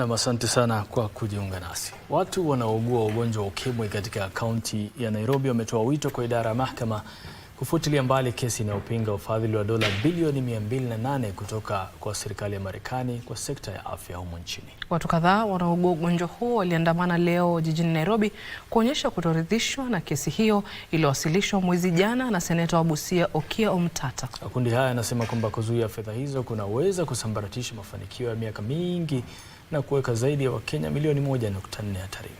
Nam, asante sana kwa kujiunga nasi. Watu wanaougua ugonjwa wa ukimwi katika kaunti ya Nairobi wametoa wito kwa idara ya mahakama kufutilia mbali kesi inayopinga ufadhili wa dola bilioni 208 kutoka kwa serikali ya Marekani kwa sekta ya afya humo nchini. Watu kadhaa wanaougua ugonjwa huo waliandamana leo jijini Nairobi kuonyesha kutoridhishwa na kesi hiyo iliyowasilishwa mwezi jana na seneta wa Busia Okia Omtata. Makundi haya yanasema kwamba kuzuia fedha hizo kunaweza kusambaratisha mafanikio ya miaka mingi na kuweka zaidi ya Wakenya milioni 1.4 hatarini.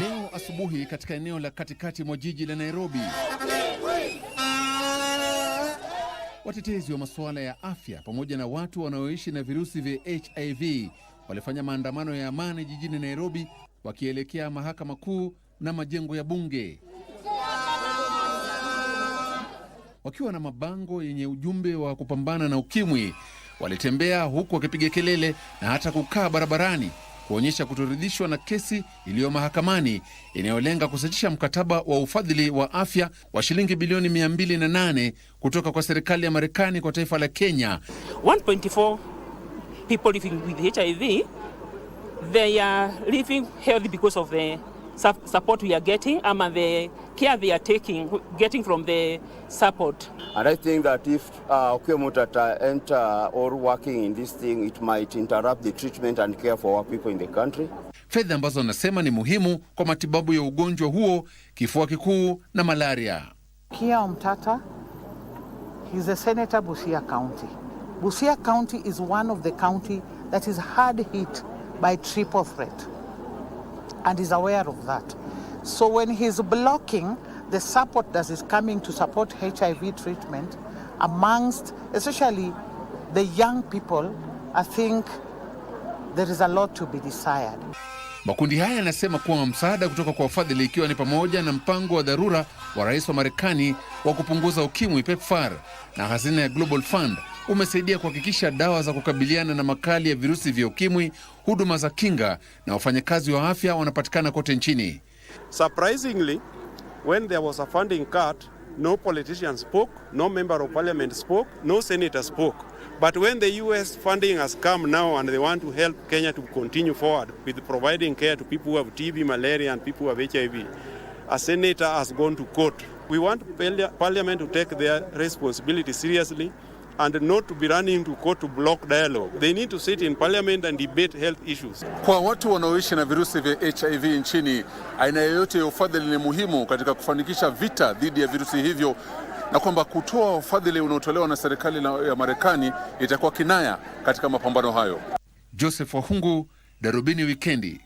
Leo asubuhi katika eneo la katikati mwa jiji la Nairobi, watetezi wa masuala ya afya pamoja na watu wanaoishi na virusi vya HIV walifanya maandamano ya amani jijini Nairobi wakielekea mahakama kuu na majengo ya bunge. wakiwa na mabango yenye ujumbe wa kupambana na ukimwi. Walitembea huku wakipiga kelele na hata kukaa barabarani kuonyesha kutoridhishwa na kesi iliyo mahakamani inayolenga kusitisha mkataba wa ufadhili wa afya wa shilingi bilioni 208 kutoka kwa serikali ya Marekani kwa taifa la Kenya. 1.4 people living with HIV they are living healthy because of the support we are getting ama the care they are taking getting from the support and I think that if uh, Okiomutata enter or working in this thing it might interrupt the treatment and care for our people in the country fedha ambazo anasema ni muhimu kwa matibabu ya ugonjwa huo kifua kikuu na malaria Kia Omtata is a senator Busia County Busia County is one of the county that is hard hit by triple threat and is aware of that. So when he's blocking the support that is coming to support HIV treatment amongst, especially the young people, I think there is a lot to be desired. Makundi haya yanasema kuwa msaada kutoka kwa wafadhili ikiwa ni pamoja na mpango wa dharura wa rais wa Marekani wa kupunguza ukimwi PEPFAR na hazina ya Global Fund umesaidia kuhakikisha dawa za kukabiliana na makali ya virusi vya ukimwi, huduma za kinga na wafanyakazi wa afya wanapatikana kote nchini. Surprisingly, when there was a funding cut, no politician spoke, no member of parliament spoke, no senator spoke. But when the US funding has come now and they want to help Kenya to continue forward with providing care to people who have TB, malaria and people who have HIV, a senator has gone to court. We want parliament to take their responsibility seriously and not to be running to court to block dialogue. They need to sit in parliament and debate health issues. Kwa watu wanaoishi na virusi vya HIV nchini, aina yoyote ya ufadhili ni muhimu katika kufanikisha vita dhidi ya virusi hivyo na kwamba kutoa ufadhili unaotolewa na serikali ya Marekani itakuwa kinaya katika mapambano hayo. Joseph Wahungu, Darubini Wikendi.